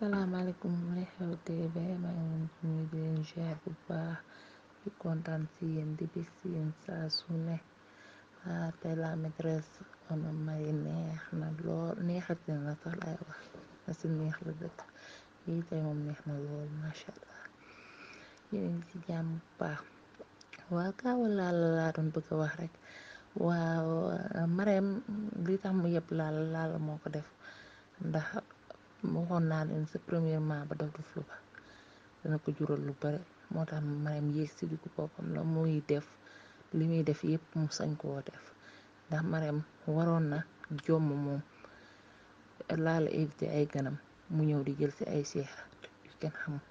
salaamaaleykum li xew tv maa ngi leen di nuyu di leen ziar bu baax di kontaan si yéen di bég si yéen saa su ne ah tey neex na lool neexati na sax laay wax na si neex la dëkk lii tey moom neex na lool macha allah yéen ci bu baax waa kaawal laala laa doon bëgg a wax rek waaw mareem li tax mu yëpp laala laala moo ko def waxoon naa leen sa premièrement ba def du flu ba dana ko jural lu bare moo tax mareem yéeg si dugg boppam la muy def li muy def yépp mu sañ koo def ndax mareem waroon na jomm moom laala évité ay ganam mu ñëw di jël ci ay seexaat yu kenn xamul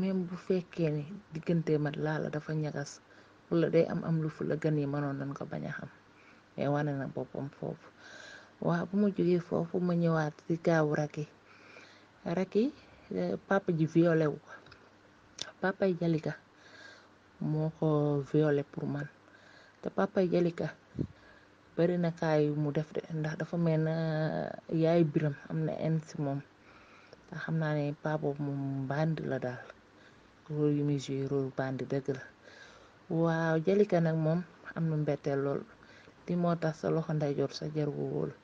même bu fekkee ni diggante mat laala dafa ñagas wala day am am lu fu la gan yi mënoon nañ ko bañ a xam mais wane na boppam foofu waa bu ma jógee foofu ma ñëwaat ci kaawu rakki raki eh, papa ji violé wu papay Jalika moo ko violé pour man te papay Jalika bari na kaay mu def de ndax dafa mel na eh, yaay biram am na en si moom te xam naa ne paa boobu moom bandi la daal rôle yu muy joué bandi dëgg la waaw Jalika nag moom am na mbetteel lool di moo tax sa loxo ndeyjoor sa jar gu wóolu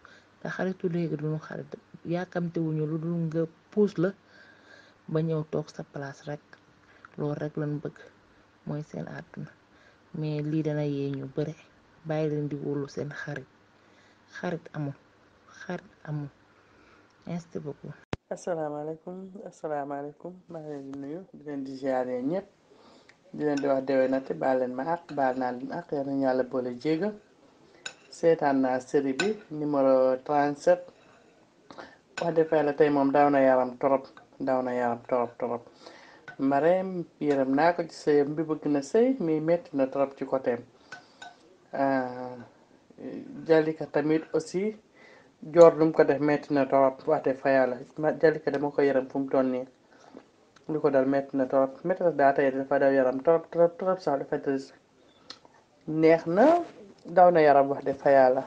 xaritu léegi duñu xarit yàkkamte wuñu lu dul ngëpp puus la ba ñëw toog sa palaas rek lool rek lan bëgg mooy seen àdduna mais lii dana yee ñu bare bàyyi leen di wóolu seen xarit xarit amul xarit amul merci beaucoup. asalaamaaleykum asalaamaaleykum maa leen di nuyu di leen di ziare ñëpp di leen di wax déwénati baal leen ma àq baal naa leen àq yal nañu yàlla boole jéggal seetaan naa série bi numéro 37. wax dëgg yàlla tey moom daaw na yaram torop daaw na yaram torop torop Marème yërëm naa ko ci bëgg na sëy mais metti na trop ci côté ah, Jalika tamit aussi joor lu ko def metti na torop wax dëgg fa Jalika dama ko yërëm fu mu toll nii lu ko dal metti na torop metti na daa tey dafa yaram torop torop torop sax dafa triste neex na daaw na yaram wax de fa yàlla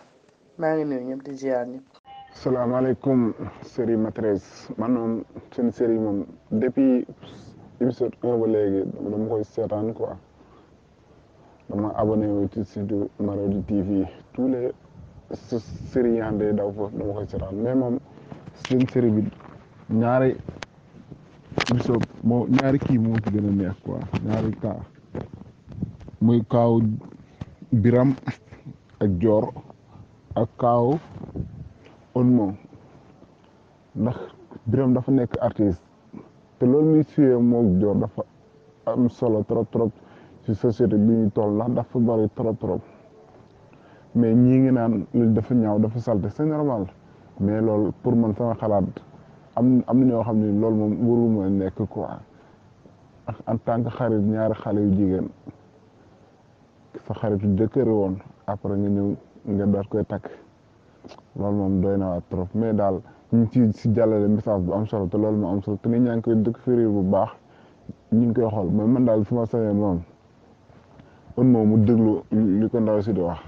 maa ngi nuyu ñëpp di salaamaaleykum série Maîtresse man moom seen série moom depuis épisode un ba dama koy seetaan quoi dama abonné wu ci site Marodi TV tous les séries yaa ngi daw foofu dama koy seetaan mais moom seen série bi ñaari épisode moo ñaari kii moo ci gën a neex quoi ñaari kaa muy Biram ak Joor ak kaaw on moom ndax Birame dafa nekk artiste te loolu muy suyee mook Dior dafa am solo trop trop ci société bi ñu tool ndax dafa bari trop trop mais ñii ngi naan lu dafa ñaaw dafa salte c'est normal mais loolu pour man sama xalaat am am na ñoo xam ne loolu moom warul ma nekk quoi en tant que xarit ñaari xale yu jigéen sa xaritu jëkkër woon après nga ñëw nga daal koy takk loolu moom doy na trop mais daal ñu ngi ci si jàllale message bu am solo te loolu moo am solo te nit ñaa ngi koy découvrir bu baax ñu ngi koy xool mais man daal su ma sañee moom un moom mu déglu li ko ndaw si di wax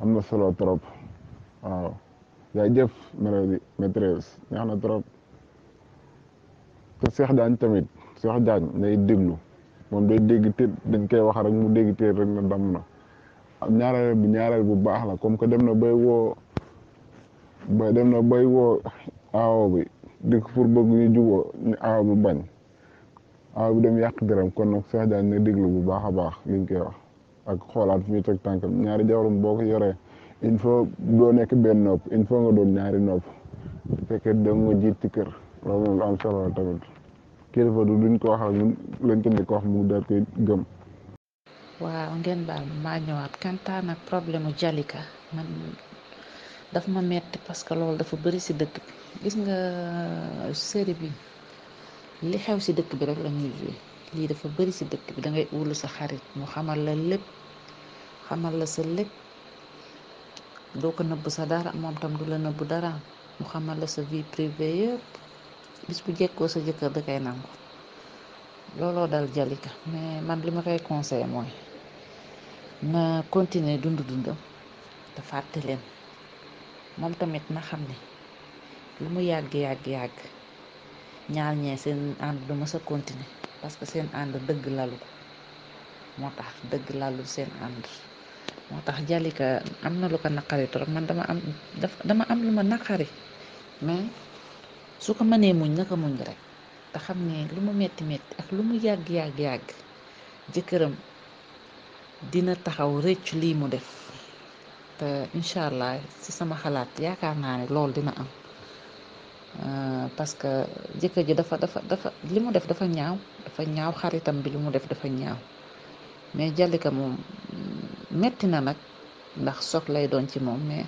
am na solo trop waaw yaay jëf Mélodie maîtresse neex na trop te Cheikh Diagne tamit Cheikh Diagne day déglu moom day dégg te dañ koy wax rek mu dégg te rek na damm na ñaareel bu ñaareel bu baax la comme que dem na bay woo. ba dem na bay woo aawo bi di pour bëgg ñu juboo ñu aawo bi bañ aawo bi dem yàq dërëm kon nag Cheikh Diagne ne déglu bu baax a baax liñ koy wax ak xoolaat fi muy teg tànkam ñaari jabaram boo ko yoree il faut doo nekk benn nopp il nga doon ñaari nopp bu fekkee da nga jiit ci kër loolu moom lu am solo la tamit kilifa du duñ ko wax ak ñun lañ ko njëkk wax mu koy ngeen baal ma maa ñëwaat kantaan problème mu Jalika daf ma metti parce que loolu dafa bëri si dëkk bi gis nga euh, série bi li xew si dëkk bi rek la ñuy lii dafa bëri si dëkk bi da ngay wóolu sa xarit mu xamal la lëpp xamal la sa lépp doo ko nëbb sa dara moom tam du la nëbb dara mu xamal la sa vie privée yëpp bis bu jekkoo sa jëkkër da koy nangu looloo dal Jalika mais man li ma koy conseillé mooy na continuer dund dundam te fàtte leen moom tamit na xam ne lu mu yàgg yàgg yàgg ñaar ñee seen ànd du mës a continuer parce que seen ànd dëgg lalu ko moo tax dëgg lalu seen ànd moo tax Jalika am na lu ko naqari trop man dama am dama am lu ma naqari mais su ko nee muñ naka muñ rek te xam ne lu mu metti metti ak lu mu yàgg yàgg yàgg jëkkëram dina taxaw rëccu lii mu def. Eh, incha allah ci sama xalaat yaakaar naa ne loolu dina am eh, parce que jëkkër ji dafa dafa dafa li mu def dafa ñaaw dafa ñaaw xaritam bi li mu def dafa ñaaw mais Jalika moom metti na nag ndax soog lay doon ci moom mais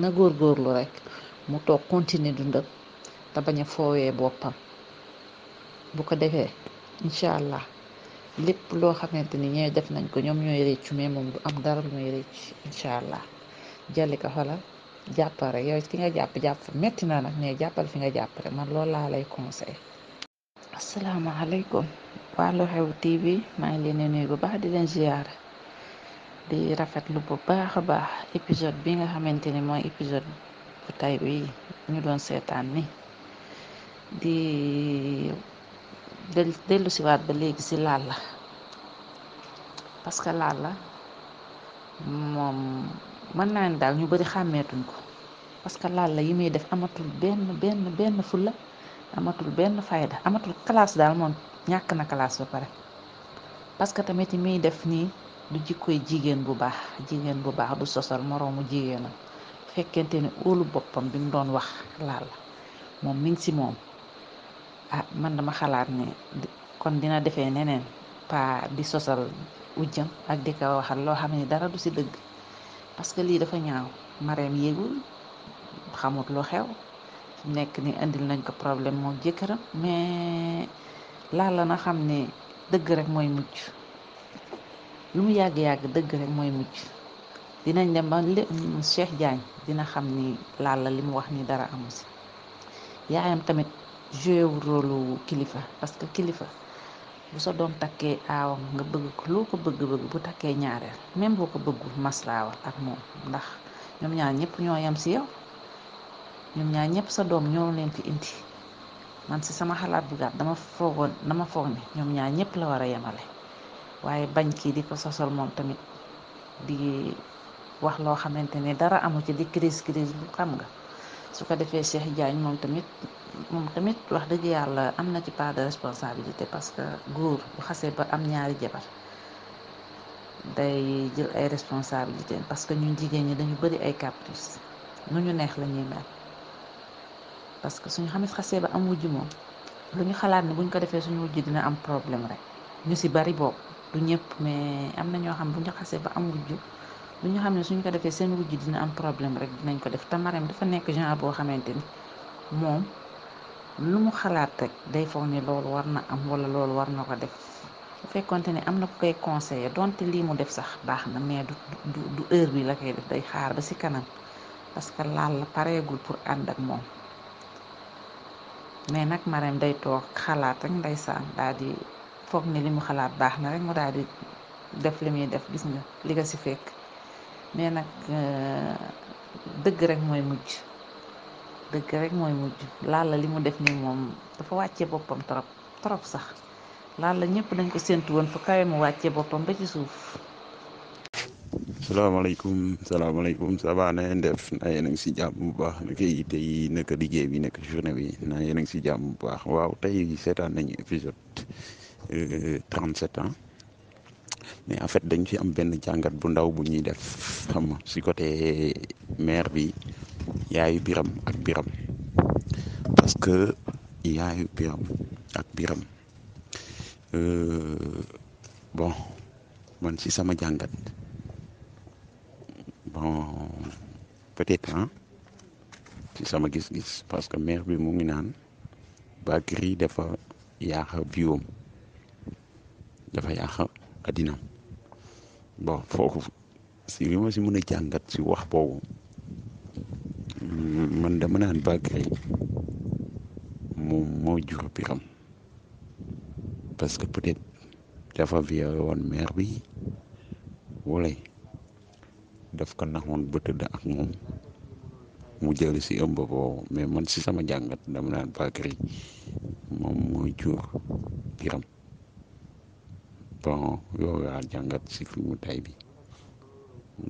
na góor góorlu rek mu toog continuer dundam te bañ a foowee boppam bu ko defee incha allah lépp loo xamante ni ñooy def nañ ko ñoom ñooy réccu mais moom du am dara lu muy récc incha allah jallika xoolal jàppal rek yow ki nga jàpp jàpp métti na nag ne jàppal fi nga jàpp rek man lool laa lay conseil asalaamaaleykum waa Lu Xew TV maa ngi leen di nuyu bu baax di leen ziyaara di rafetlu bu baax a baax épisode bi nga xamante ni mooy épisode bu tay bi ñu doon seetaan ni di dellu siwaat ba léegi si laal la parce que laal la moom mën naa ne daal ñu bari xàmmeetuñ ko parce que laal la yi muy def amatul benn benn benn fulla amatul benn fayda amatul classe daal moom ñàkk na classe ba pare parce que tamit yi muy def nii du jikkoy jigéen bu baax jigéen bu baax du sosal moroomu jigéenam fekkente ni óolu boppam bi mu doon wax laal moom mi ngi si moom ah man dama xalaat ne kon dina defee neneen pa di sosal ujjam ak di ko waxal loo xam ni dara du si dëgg parce que lii dafa ñaaw mareem yéegul xamut lu xew nekk ni indil nañ ko problème moo jëkkëram mais laala na xam ne dëgg rek mooy mujj lu mu yàgg-yàgg dëgg rek mooy mujj dinañ dem ba Cheikh Diagne dina xam ni laala li mu wax ni dara amul si yaayam tamit joué rôle kilifa parce que kilifa bu sa doom takkee aawam nga bëgg ko loo ko bëgg-bëgg bu takkee ñaareel même boo ko bëggul maslaawa ak moom ndax ñoom ñaar ñëpp ñoo yem si yow ñoom ñaar ñëpp sa doom ñoo leen fi indi man si sama xalaat bu dama foogoon dama foog ne ñoom ñaar ñëpp la war a yemale waaye bañ kii di ko sosal moom tamit di wax loo xamante ne dara amu ci di crise crise bu xam nga su ko defee Cheikh Diagne moom tamit moom tamit wax dëgg yàlla am na ci part de responsabilité parce que góor bu xasee ba am ñaari jabar day jël ay responsabilité parce que ñu jigéen ñi dañu bëri ay caprice nu ñu neex la ñuy mel parce que suñu xamit xasee ba am wujj moom lu ñu xalaat ne buñ ko defee suñu wujj dina am problème rek ñu si bari boobu du ñëpp mais am na ñoo xam bu ñu xasee ba am wujj bu ñu xam ne suñ ko defee seen wujj dina am problème rek dinañ ko def te Marème dafa nekk genre boo xamante ni moom lu mu xalaat rek day foog ni loolu war na am wala loolu war na ko def bu fekkonte ne am na ku koy conseiller donte lii mu def sax baax na mais du du la koy def day xaar ba ci parce que laal pareegul pour ànd ak moom mais nag Marème day toog xalaat rek ndeysaan daal di foog ni li mu xalaat baax na rek mu daal di def li muy def gis nga li nga ci fekk. mais nag eh, dëgg rek mooy mujj dëgg rek mooy mujj Lalla li mu def ni moom dafa wàccee boppam trop trop sax Lalla ñëpp dañ ko séntu woon fa kawe mu wàccee boppam ba ci suuf. salaamaaleykum salaamaaleykum ça va na ngeen def na yéen si jàmm bu baax naka yitte yi naka liggéey bi naka journée bi na yéen a si jàmm bu baax waaw tey seetaan nañu épisode 37 euh, ans. mais en fait dañ fi am benn jàngat bu ndaw bu ñuy def xam nga si côté maire bi yaayu biram ak biram parce que yaayu biram ak biram euh, bon man si sama jàngat bon peut-être temps si sama gis-gis parce que maire bi mu ngi naan Bakary dafa yaaxa biom dafa yaaxa àddina bon foofu si li ma si mën a jàngat si wax boobu man dama naan Bakary moom moo jur Biram parce que peut-être dafa violé woon mère bi wala daf ko naxoon ba tëdd ak mu jël si ëmb boobu mais man si sama jàngat dama naan Bakary moom moo jur bon loolu laa jàngat si mu tay bi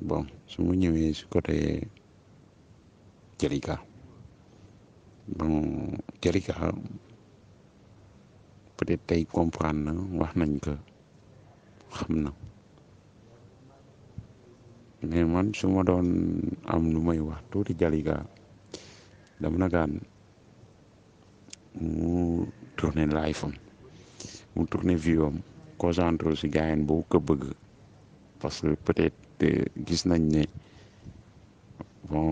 bon su ma ñëwee si côté Jalika bon Jalika peut-être tey comprendre na wax nañ ko xam na mais su ma doon am lu may wax tuuti Jalika dama nagaan mu tourné live am mu tourné view am concentré si gaayen boobu ko bëgg parce que peut-être gis nañ ne bon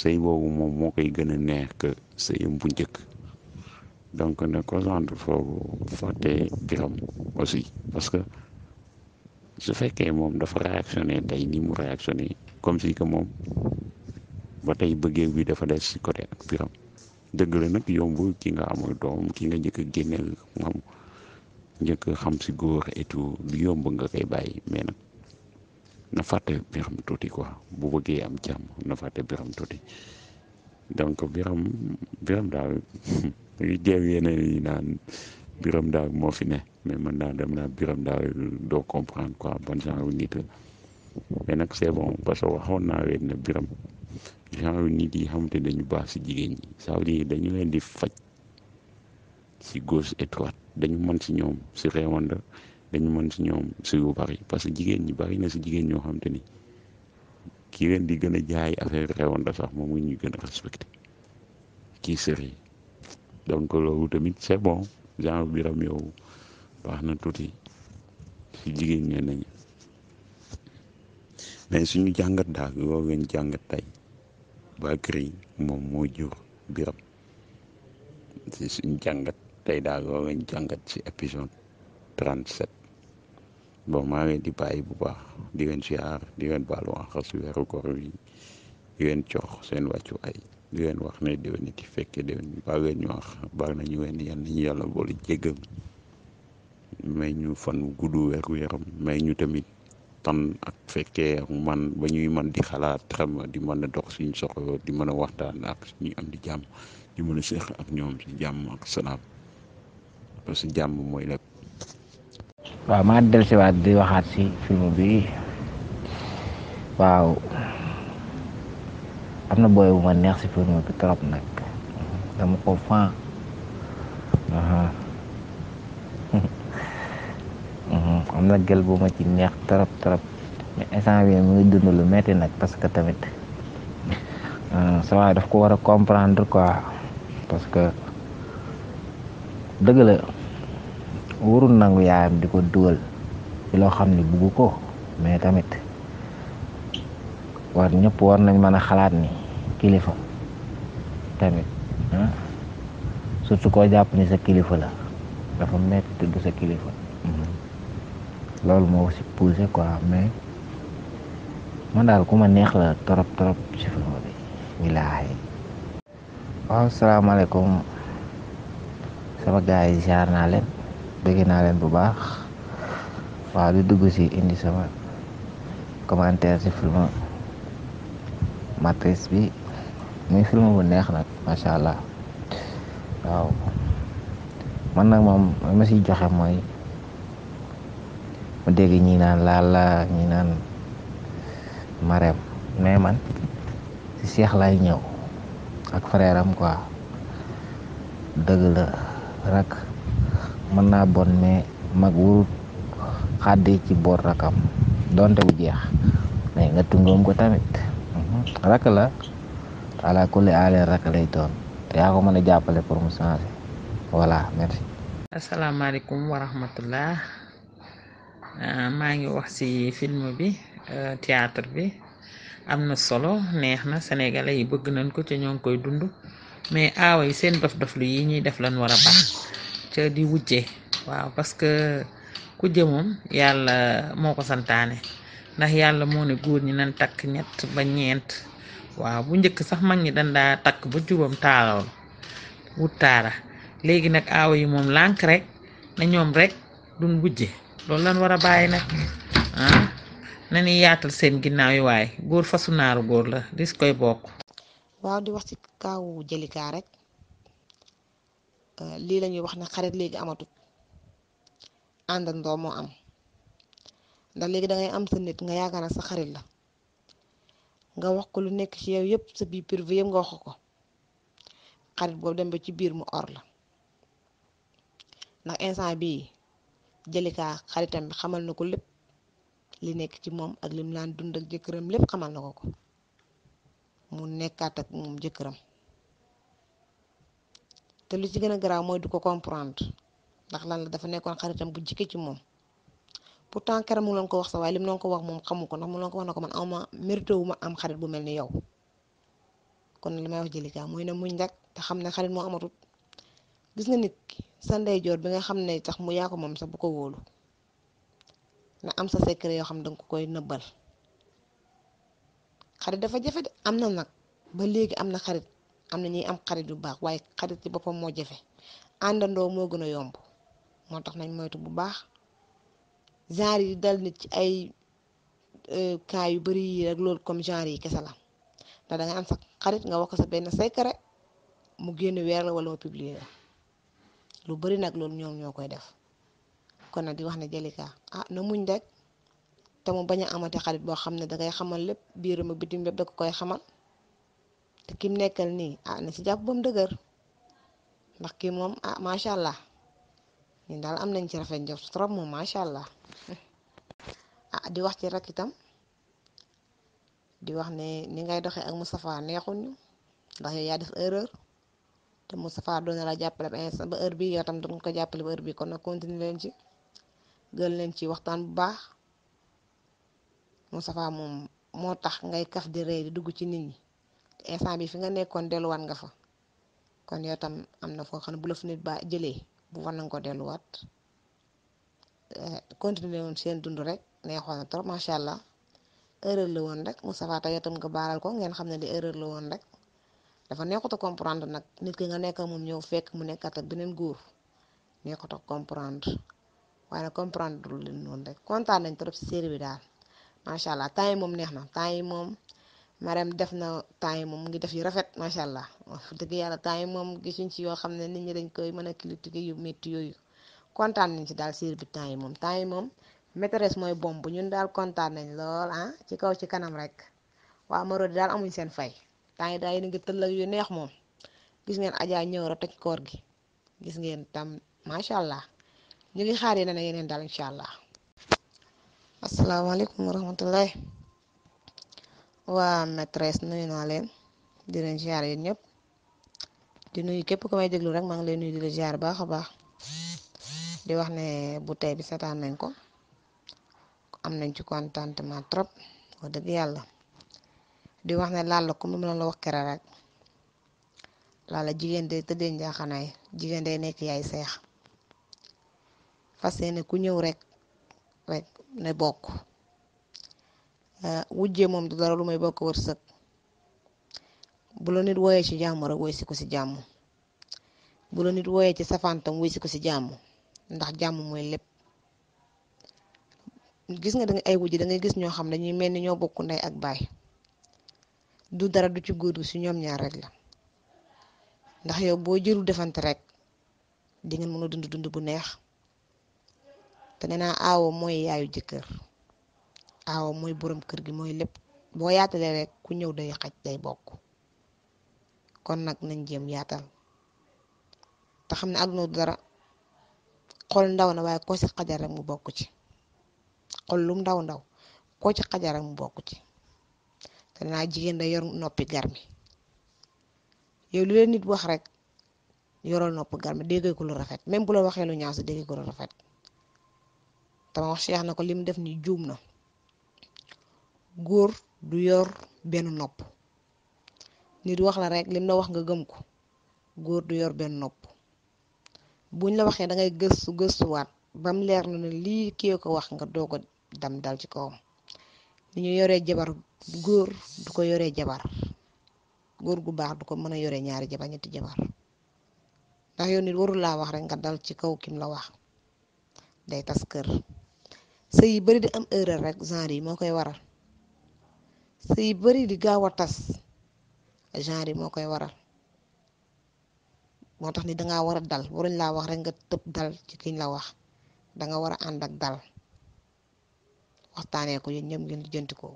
sey boobu moom moo koy gën a neex que sëyam bu njëkk donc ne concentre foofu fàtte biram aussi parce que su fekkee moom dafa réactionné tey ni mu réactionné comme si que moom ba tey bëggee bi dafa des si côté ak biram dëgg la nag yomb ki nga amul doom ki nga njëkk a génneel moom njëkk xam si góor et tout du yomb nga koy bàyyi mais nag na fàtte biram tuuti quoi bu bëggee am jàmm na fàtte biram tuuti donc biram biram daal yu jeew yeneen yi naan biram daal moo fi ne mais man daal dem naa biram daal doo comprendre quoi bon genre nit parce que waxoon naa leen ne biram genre nit yi xamante dañu baax si jigéen ñi ça dañu leen di faj si gauche étroite dañu mën si ñoom si réewanda dañu mën si ñoom si yu bari parce que jigéen ñi bari na si jigéen ñoo xam te ni ki leen di gën a jaay affaire réewanda sax moom ngi ñu gën a respecté kii sëriñ donc loolu tamit c'est bon genre biram yow baax na tuuti si jigéen ñi nañu mais suñu jàngat daal loolu lañ jàngat tey Bakary moom moo jur biram si suñu jàngat tey daal loolu lañ jàngat ci épisode 37 bon maa leen di bàyyi bu baax di leen siyaar di leen baalu àq si weeru koor wi di leen jox seen wàccuwaay di leen wax ne déwén ci fekkee déwén baal leen ñu wax baal nañu leen yal nañu yàlla boole jéggal may ñu fan wu gudd weeru yaram may ñu tamit tan ak fekkee ak man ba ñuy man di xalaat xam di man a dox suñu soxla di mën a waxtaan ak ñu am di jàmm di mën a séq ak ñoom si jàmm ak salaam. parce que jàmm mooy lépp. waaw maa dellusiwaat di waxaat si film bi waaw am na booy bu ma neex si film bi trop nag dama ko fan am na gël bu ma ci neex trop trop mais instant bi mu dund lu metti nag parce que tamit ah, sa waay daf ko war comprendre quoi parce que dëgg warul nangu yaayam di ko dugal ci loo xam ne bugg ko mais tamit war ñëpp war nañ mën a xalaat ni kilifa tamit ah, surtout koo jàpp ni sa kilifa la dafa metti tudd sa kilifa mm-hmm. loolu moo si poussé quoi mais man daal ku ma neex la trop trop ci film bi wilaahi waaw salaamaaleykum sama gars yi ziar naa leen bëgg naa leen bu baax waaw di dugg si indi sama commentaire ci film matrice bi muy film bu neex nag macha allah waaw man nag moom li ma siy joxe mooy mu dégg ñi naan laal la ñi naan mareem mais man si seex lay ñëw ak frère am dëgg la rak mën naa bon mais mag warut xàddi ci boor rakam donte bu jeex mais nga tungoom ko tamit mhm. rak la ala kulli aale rak lay doon te yaa ko mën a jàppale pour mu changer voilà merci. asalaamaaleykum wa rahmatullah ah, maa ngi wax ci film bi euh, théâtre bi am na solo neex na sénégalais yi bëgg nañ ko ci ñoo ngi koy dund mais aawa yi seen dof-dof lu yi ñuy def lan war a ca di wujje waaw parce que kujje moom yàlla moo ko santaane ndax yàlla moo ne góor ñi nan takk ñett ba ñeent waaw bu njëkk sax mag ñi dañ daa takk ba juróom taalool wut taara léegi nag aawa yi moom lànk rek na ñoom rek duñ wujje loolu lan war a bàyyi nag ah yaatal seen ginnaaw yi waaye góor fasu naaru góor la dis koy bokk waaw di wax ci kaw jëlikaa rek lii lañuy wax na xarit léegi amatut àndandoo moo am ndax léegi dangay am sa nit nga yaakaar sa xarit la nga wax ko lu nekk ci yow yépp sa biir privé yëpp nga wax ko xarit boobu dem ba ci biir mu or la ndax instant bii jëlikaa xaritam bi xamal na ko lépp li nekk ci moom ak lim laan dund ak jëkkëram lépp xamal na ko ko mu nekkaat ak moom jëkkëram. te lu ci gën a garaaw mooy du ko comprendre ndax lan la dafa nekkoon xaritam bu jikki ci moom pourtant keroog mu ngi leen ko wax sa waaye lim ko wax moom xamu ko ndax mu ngi leen ko wax ne ko man awma mérité wu ma am xarit bu mel ni yow kon li may mooy ne muñ rek te xam ne xarit moo amatut gis nga nit sa ndeyjoor bi nga xam ne sax mu yaa ko moom sax bu ko wóolu na am sa secret yoo xam ne danga ko koy nëbbal xarit dafa jafe de am na nag ba léegi am na xarit am na ñuy am xarit bu baax waaye xarit ci boppam moo jafe àndandoo moo gën a yomb moo tax nañ moytu bu baax genre yi dal nit ci ay e, cas yu bari yi rek loolu comme genre yi kese la ndax da am sa xarit nga wax ko sa benn secret mu génn weer la wala mu publier lu bari nag loolu ñoom ñoo koy def kon nag di wax ne Jalika ah na muñ rek te mu bañ a amati xarit boo xam ne dangay xamal lépp biiram ak bitim lépp da ko koy xamal. te kim nekkal nii ah na si jàpp ba mu dëgër ndax kii moom ah macha allah ñun daal am nañ ci rafet jox trop moom macha allah ah di wax ci rek itam di wax ne ni ngay doxee ak mu safaa neexuñ ndax yow yaa def erreur te Moustapha doon na la jàppale ba instant ba heure bi yow tam doon ko jàppale ba bii kon nag continuer leen ci gën leen ci waxtaan bu baax mu safaa moom moo tax ngay kaf di rey di dugg ci nit ñi. instant bi fi nga nekkoon delluwaat nga fa kon yoo tam am na foo xam ne bu fu fa nit ba jëlee bu war na nga ko delluwaat eh, continuer woon seen dund rek neexoon na trop macha allah erreur la woon rek Moussa Fata yow tam nga ko ngeen xam ne li la woon rek dafa neexut a comprendre nag nit ki nga nekk moom ñëw fekk mu nekkat ak beneen góor neexut a comprendre waaye nag comprendre lu leen noonu rek kontaan nañ trop si série bi daal macha allah temps moom neex na temps moom. Marème def na temps yi moom mu ngi def yu rafet macha allah wax dëgg yàlla temps yi moom gisuñ ci yoo xam ne nit ñi dañ koy mën a critiquer yu métti yooyu kontaan nañ ci daal série bi temps yi moom temps yi moom maîtresse mooy bomb ñun daal kontaan nañ lool ah ci kaw ci kanam rek waa Marodi daal amuñ seen fay temps yi daal yéen a ngi yu neex moom gis ngeen Adja ñëw rek koor gi gis ngeen tam macha allah ñu ngi xaar na yeneen daal incha allah. asalaamaaleykum wa rahmatulah. waa maîtresse nuyu naa leen di leen ziar yéen ñëpp di nuyu képp ku may déglu rek maa ngi leen nuyu di la ziar baax a baax di wax ne bu bi setaan nañ ko am nañ ci contentement trop wax dëgg yàlla di wax ne laal la comme ma la wax kere rek laala jigéen day tëddee njaaxanaay jigéen day nekk yaay seex fas yéene ku ñëw rek rek ne bokk. Eh, wujje moom du dara lu may bokk wërsëg bu la nit wooyee ci jàmm rek woy si ko si jàmm bu la nit ci safaantam woy si ko si jàmm ndax jàmm mooy lépp gis nga da ay wujj da ngay gis ñoo xam ne dañuy mel ni ñoo bokk ndey ak baay du dara du ci góor si ñoom ñaar rek la ndax yow boo jëru defante rek di ngeen mën a dund dund bu neex te nee naa aawo mooy yaayu jëkkër aawa mooy boroom kër gi mooy lépp boo yaatalee rek ku ñëw day xaj day bokk kon nag nañ jéem yaatal te xam ne ak du dara xol ndaw na waaye koo ci xajar rek mu bokk ci xol lum ndaw ndaw koo ci xajar rek mu bokk ci te naa jigéen da yor noppi garmi yow li leen nit wax rek yorol nopp garmi déggee ko lu rafet même bu la waxee lu ñaaw si déggee ko lu rafet dama wax Cheikh na ko lim def ni juum na góor du yor benn nopp nit wax la rek lim la wax nga gëm ko góor du yor benn nopp buñ la waxee da ngay gëstu gëstuwaat bam leer na ne lii kii ko wax nga doog a dam dal ci kawam ni ñu jabar góor du ko yoree jabar góor gu baax du ko mën a yoree ñaari jabar jabar ndax yow nit warul laa wax rek nga dal ci kaw kim la wax day tas kër sa yi bari di am erreur rek genre yi moo koy waral sëy bari di gaaw a tas genre yi moo koy waral moo tax ni danga war a dal waruñ laa wax rek nga tëb dal ci kiñ la wax danga war a ànd ak dal waxtaanee ko yéen ñëpp ngeen lijjanti ko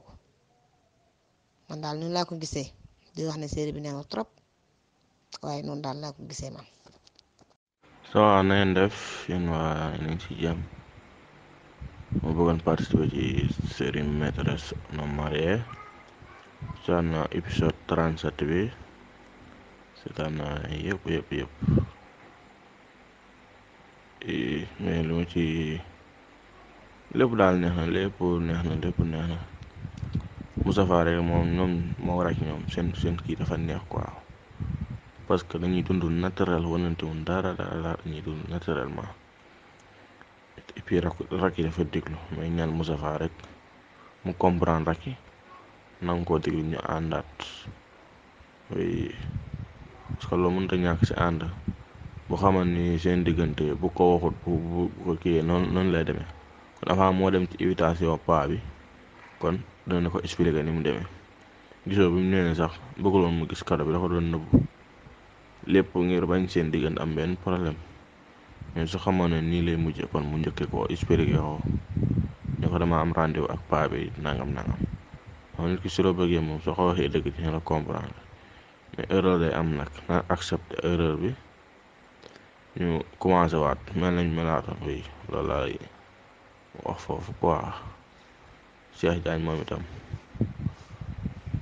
man daal noonu laa ko gisee di wax ne série bi neex na trop waaye noonu daal laa ko gisee man. ça va na ngeen def yéen waa yéen a ngi ci jàmm ma participer ci série maîtresse non mariée. seetaan naa épisode trente sept bi seetaan naa yëpp yëpp yëpp mais lu ma ci lépp daal neex na lépp neex na lépp neex na Moustapha rek moom ñoom moo war a ci ñoom seen seen kii dafa neex quoi parce que dañuy dund naturel wanante wuñ dara dara dara dañuy dund naturellement et puis rak rak yi dafa déglu may ñaan Moustapha rek mu comprendre rak yi nanga koo diglu ñu àndaat oui parce que loo mënta ñàkk ci ànd bu xaman ni seen diggante bu ko waxut bu bu ko kiyee noonu lay demee kon avant moo dem ci invitation paa bi kon dana ko expliquer ni mu demee gisoo bi mu nee ne sax bëgguloon mu gis kado bi dafa ko doon nëbbu lépp ngir bañ seen diggante am benn problème mais su xamoon ne nii lay mujjee kon mu njëkkee ko expliquer ko ne ko dama am rendez ak paa bi nangam nangam. moom nit ki su bëggee moom soo ko waxee dëgg dina la comprendre mais erreur day am nag na accepter erreur bi ñu commencé waat mel nañ melaatoon fii loolu laay wax foofu quoi Cheikh Diagne moom itam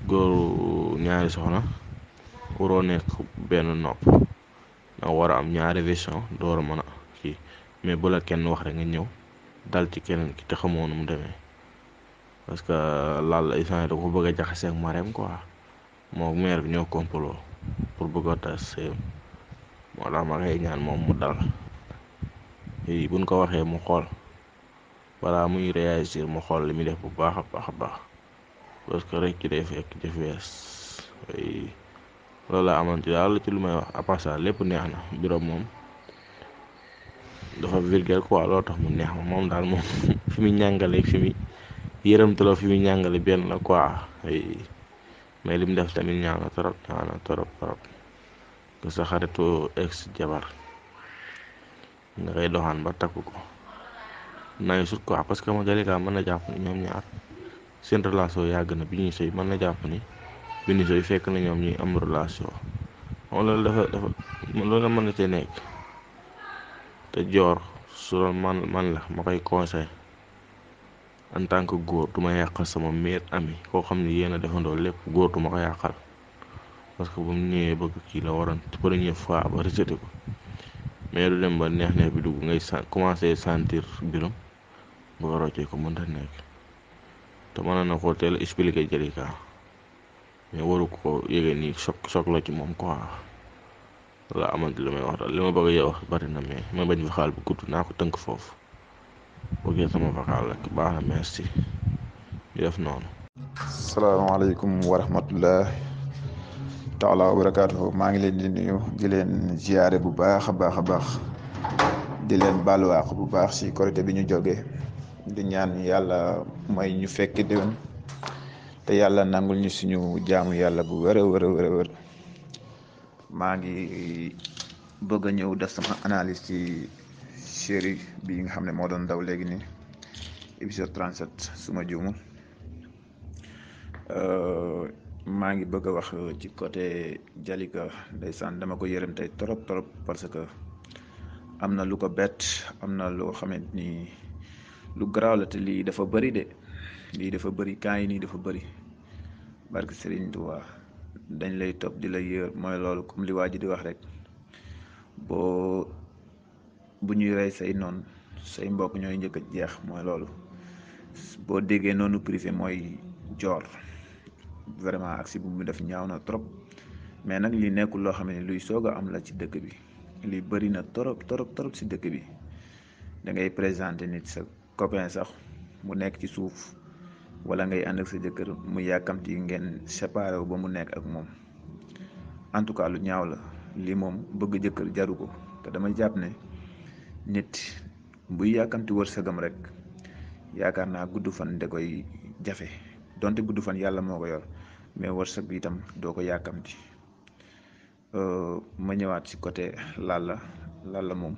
góoru ñaari soxna waroo nekk benn nopp da war a am ñaari version door a mën a kii mais bu kenn wax rek nga ñëw dal ci keneen ki te xamoo nu mu demee parce que laal instant da ko bëgg a jaxasee ak Marème quoi moom maire bi ñoo complot pour bëgg a tas sëyam tax ma koy ñaan moom mu dal i buñ ko waxee mu xool balaa muy réagir mu xool li muy def bu baax a baax a baax parce que rek ci day fekk jëf wees loolu laa amoon ci daal ci lu may wax à part ça lépp neex na bureau moom dafa ko quoi loolu tax mu neex ma moom daal moom fi muy ñàngalee fi muy yërëm trop fi muy ñàngale benn la quoi mais lim def tamit ñaaw na trop ñaaw na trop trop nga sa xaritu ex jabar nga koy doxaan ba takku ko naay sut quoi parce que ma Jalika mën na jàpp ni ñoom ñaar seen relation yàgg na bi ñuy sëy mën na jàpp ni bi ñuy sëy fekk na ñoom ñuy am relation moom loolu dafa dafa loolu mën na cee nekk te joor su doon man man la ma koy conseil en tant que góor du yàqal sama meilleur ami koo xam ne yéen a defandoo lépp góor du ko yàqal parce que bu mu ñëwee kii la waroon première fois ba rejeté ko mais du dem ba neex neex bi dugg ngay sa commencé sentir biram ba ko roccee ko mënta nekk te mën na ko teel a expliqué Jalika mais waru ko yëgee nii choc choc la ci moom quoi la amante li may wax daal li ma bëgg a wax bari na mais ma bañ fa xaal bu gudd naa ko tënk foofu. ok sama vocal rek baax na merci di def noonu. salaamaaleykum wa rahmatullah taala wa barakaatu maa ngi leen di nuyu di leen ziare bu baax a baax a baax di leen baaluwaaq bu baax si korité bi ñu jógee di ñaan yàlla may ñu fekk déwén te yàlla nangu ñu suñu jaamu yàlla bu wër a wër maa ngi bëgg a ñëw def sama analyse ci. série bi nga xam ne moo doon daw léegi nii épisode 37 suma juumul euh, maa ngi bëgg a wax ci côté Jalika ndeysaan dama ko yërëm trop trop parce que am na lu ko bett am na loo xamante ni lu garaaw la te lii dafa bëri de lii dafa bëri kaa yi nii dafa bëri barke Serigne Touba dañ lay topp di la yër mooy loolu comme li waa ji di wax rek boo bu ñuy rey say noon say mbokk ñooy njëkk a jeex mooy loolu boo déggee noonu privé mooy joor vraiment aksi bu mu def ñaaw na trop mais nag li nekkul loo xam ne luy soog a am la ci dëkk bi li bëri na trop trop trop si dëkk bi da ngay présenter nit sa copain sax mu nekk ci suuf wala ngay ànd ak sa jëkkër mu yàkkamti ngeen séparé wu ba mu nekk ak moom en tout cas lu ñaaw la lii moom bëgg jëkkër jaru ko te dama jàpp ne nit buy yàkkamti wërsëgam rek yaakaar naa gudd fan da koy jafe donte gudd fan yàlla moo ko yor mais wërsëg bi itam doo ko yàkkamti euh, ma ñëwaat ci côté Lalla Lalla moom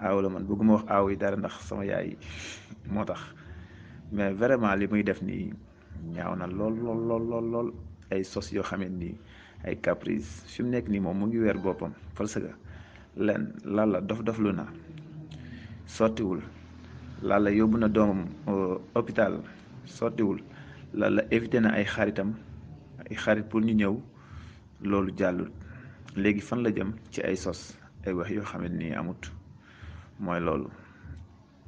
aaw man bëgguma wax aaw yi dara ndax sama yaay moo tax mais vraiment li muy def nii ñaaw na lool lool lool lool ay sos yoo xamante ni ay caprice fi mu nekk nii moom mu ngi weer boppam parce que leen lalla dof dof lu na sottiwul lalla yóbbu na doomam euh, hôpital sottiwul lalla évité na ay xaritam ay xarit pour ñu ñëw loolu jàllul léegi fan la jëm ci ay sos ay wax yoo xamante ni amut mooy loolu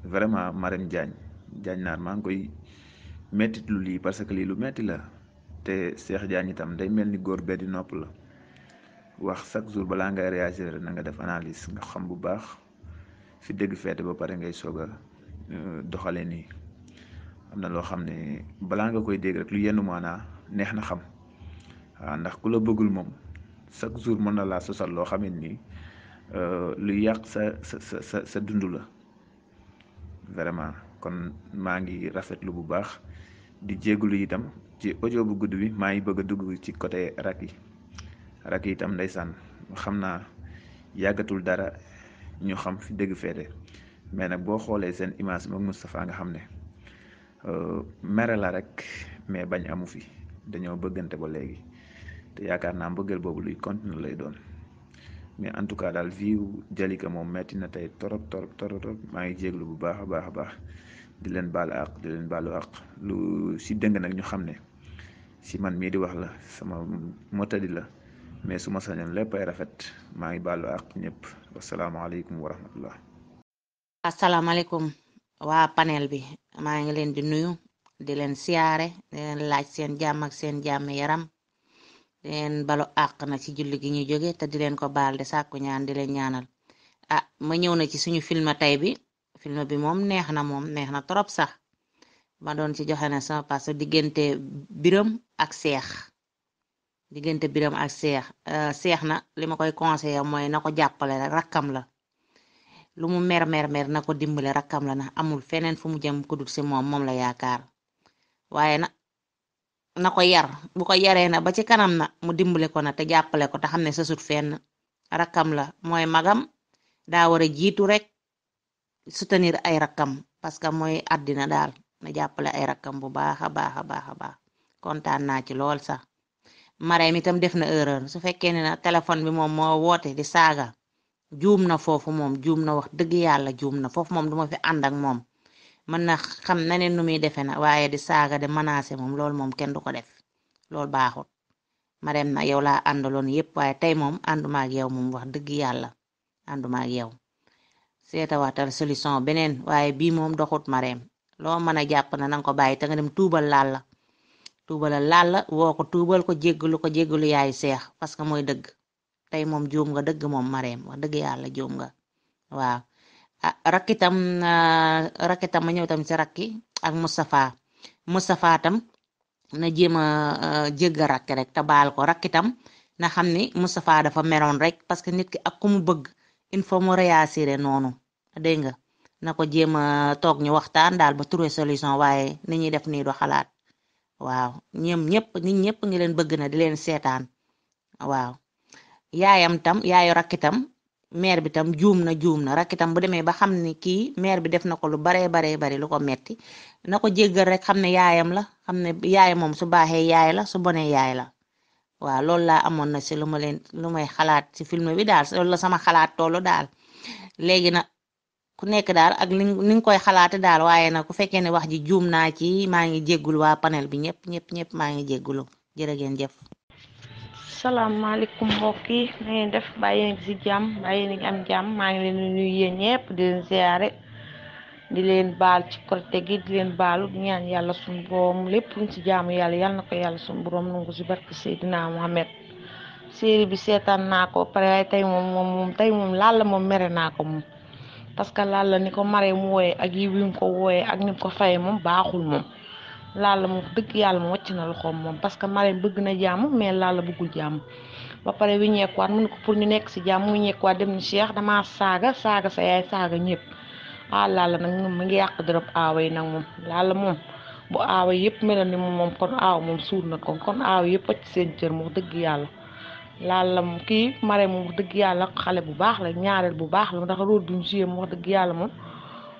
vraiment Marème Diagne Diagne Nar maa ngi koy mettit lu lii parce que lii lu metti la te Cheikh Diagne itam day mel ni góor bee di nopp la wax chaque jour balaa ngay réagir na nga def analyse nga xam bu baax fi dëgg feete ba pare ngay soog a euh, doxale nii am na loo xam ne balaa nga koy dégg rek lu yenn maanaa neex na xam waaw ndax ku la bëggul moom chaque jour mën na laa sosal loo xam ne nii euh, lu yàq sa sa sa sa dund la vraiment kon maa ngi rafetlu bu baax di jégalu itam ci audio bu gudd bi maa ngi bëgg a dugg ci côté rak yi. rak itam ndeysaan xam naa yàggatul dara ñu xam fi dëgg feete mais nag boo xoolee seen image moom Moustapha nga xam ne euh, mere la rek mais bañ amu fi dañoo bëggante ba léegi te yaakaar naa mbëggeel boobu luy continuer lay doon mais en tout cas daal vie Jalika moom metti na tey torop torop torop maa ngi jéglu bu baax a baax a baax di leen baalu àq di leen baalu àq lu si dëng nag ñu xam ne si man mii di wax la sama motadi la mais su ma sañoon lépp ay rafet maa ngi baalu ak ñëpp wa rahmatullah asalaamaaleykum waa panel bi maa ngi leen di nuyu di leen siyaare laaj seen jàmm ak seen jàmm yaram di leen balu àq nag ci julli gi ñu jóge te di leen ko baal di sàkku ñaan di leen ñaanal ah ma ñëw na ci suñu film tey bi film bi moom neex na moom neex na trop sax ma doon ci joxe na sama parce que diggante biram ak seex diggante biram ak seex seex na li ma koy conseillé mooy na ko jàppale rek rakkam la lu mu mer mer na ko dimbale rakkam la na amul feneen fu mu jëm ku dul si moom moom la yaakaar waaye na na ko yar bu ko yaree na ba ci kanam na mu dimbale ko na te jàppale ko te xam ne sa sut fenn rakkam la mooy magam daa war a jiitu rek soutenir ay rakkam parce que mooy àddina daal na jàppale ay rakkam bu baax a baax a baax a baax kontaan naa ci lool sax. Marème itam def na su fekkee ne na téléphone bi moom moo woote di saaga juum na foofu moom juum na wax dëgg yàlla juum na foofu moom duma fi ànd ak moom mën na xam na ne nu muy defee na waaye di saaga de menacer moom loolu moom kenn du ko def loolu baaxul Marème na yow laa àndaloon yépp waaye tey moom ànduma ak yow moom wax dëgg yàlla ànduma ak yow seetawaatal solution beneen waaye bii moom doxut Marème loo mën a jàpp na nanga ko bàyyi te nga dem tuubal laal la tuubalal lalla woo ko tuubal ko jéggalu ko jéggalu yaay seex parce que mooy dëgg tey moom juum nga dëgg moom mareem wax dëgg yàlla juum nga waaw ah, rakkitam ah, rakkitam ma ñëw tam ci rakki ak Moustapha Moustapha na jéem a jégga rakki rek te baal ko rakkitam na xam ni Moustapha dafa meroon rek parce que nit ki ak ku mu bëgg il faut mu réagir noonu dégg nga na ko jéem toog ñu waxtaan daal ba trouver solution waaye ni ñuy def nii du xalaat waaw ñoom ñëpp nit ñëpp ngi leen bëgg na di leen seetaan waaw yaayam tam yaayu rakkitam mère bi tam juum na juum na rakkitam bu demee ba xam ni kii mère bi def na ko lu baree baree bari lu ko metti na ko jéggal rek xam ne yaayam la xam ne yaay moom su baaxee yaay la su bonee yaay la waaw loolu la amoon na si lu ma leen lu may xalaat si film bi daal loolu la sama xalaat toolu daal léegi nag ku nekk daal ak li ni koy xalaate daal waaye nag ku fekkee ne wax ji juum naa ci maa ngi jéggul waa panel bi ñëpp ñëpp ñëpp maa ngi jéggulu jërë ngeen jëf salaamaaleykum mbokk yi def bàyyi nañ si jàmm bàyyi am jàmm maa ngi leen di nuyu yéen ñëpp di di leen baal ci korite di leen baalu di ñaan yàlla suñu lépp ci si jaamu yàlla yàlla na ko yàlla suñu borom nangu si barke Mohamed série bi seetaan naa ko pare tey moom moom tey moom laal moom mere naa ko moom parce que Lalla ni ko Marème wooye ak yi wi mu ko wooyee ak ni mu ko fayee moom baaxul moom Lalla moom dëgg yàlla moom wàcc na loxoom moom parce que Marème bëgg na jàmm mais Lalla bëggul jàmm ba pare wi ñeekuwaat mu ne ko pour ñu nekk si jàmm mu ñeekuwaat dem ni Cheikh damaa saaga saaga sa yaay saaga ñëpp ah nag moom mu ngi yàq dërëb aawa yi nag moom Lalla moom bu aawa yëpp mel ni moom kon aaw moom suur na ko kon aaw yëpp wàcc seen cër dëgg yàlla. laal la mu kii mare moom wax dëgg yàlla xale bu baax la ñaareel bu baax la ndax rôle bi mu joué moom wax dëgg yàlla moom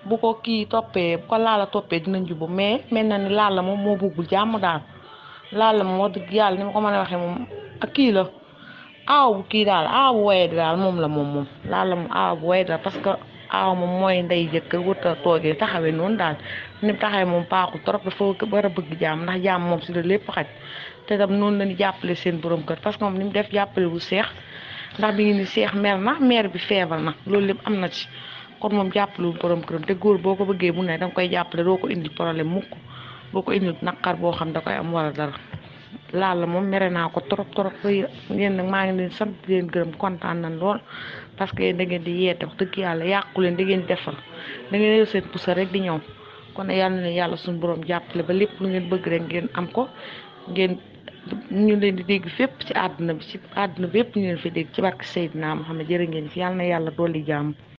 bu ko kii toppee bu ko laala toppee dinañ jubóo mais mel na ni laal la moom moo bëggul jàmm daal laal la moom dëgg yàlla ni ko mën a waxee moom ak kii la aaw bu kii daal aaw bu waye daal moom la moom moom laal la moom aaw bu waye daal parce que aaw moom mooy ndey jëkkër wut a toogee taxawee noonu daal ni taxawee moom paaxul trop dafa war a bëgg jàmm ndax jàmm moom si la lépp xaj te tam noonu la ñu jàppale seen borom kër parce que moom li def jàppale wu seex ndax bi ngi ni seex mer na meer bi feebar na loolu lépp am na ci kon moom jàppale wu borom këram te góor boo ko bëggee mu ne danga koy jàppale doo ko indi problème mukk boo ko indi naqar boo xam da koy am wala dara laal la moom mere naa ko trop trop ngeen nag maa ngi leen sant di leen gërëm kontaan nañ lool parce que da ngeen di yeete wax dëgg yàlla yàqu leen da ngeen defal da ngeen yor seen pusa rek di ñëw kon yàlla yàlla suñu borom jàppale ba lépp lu ngeen bëgg rek ngeen am ko ngeen ñu leen di dégg fépp ci àdduna bi ci àdduna bi yëpp ñu leen fi dégg ci barke Seydina Muhammad jërë ngeen fi yàlla na yàlla dolli jàmm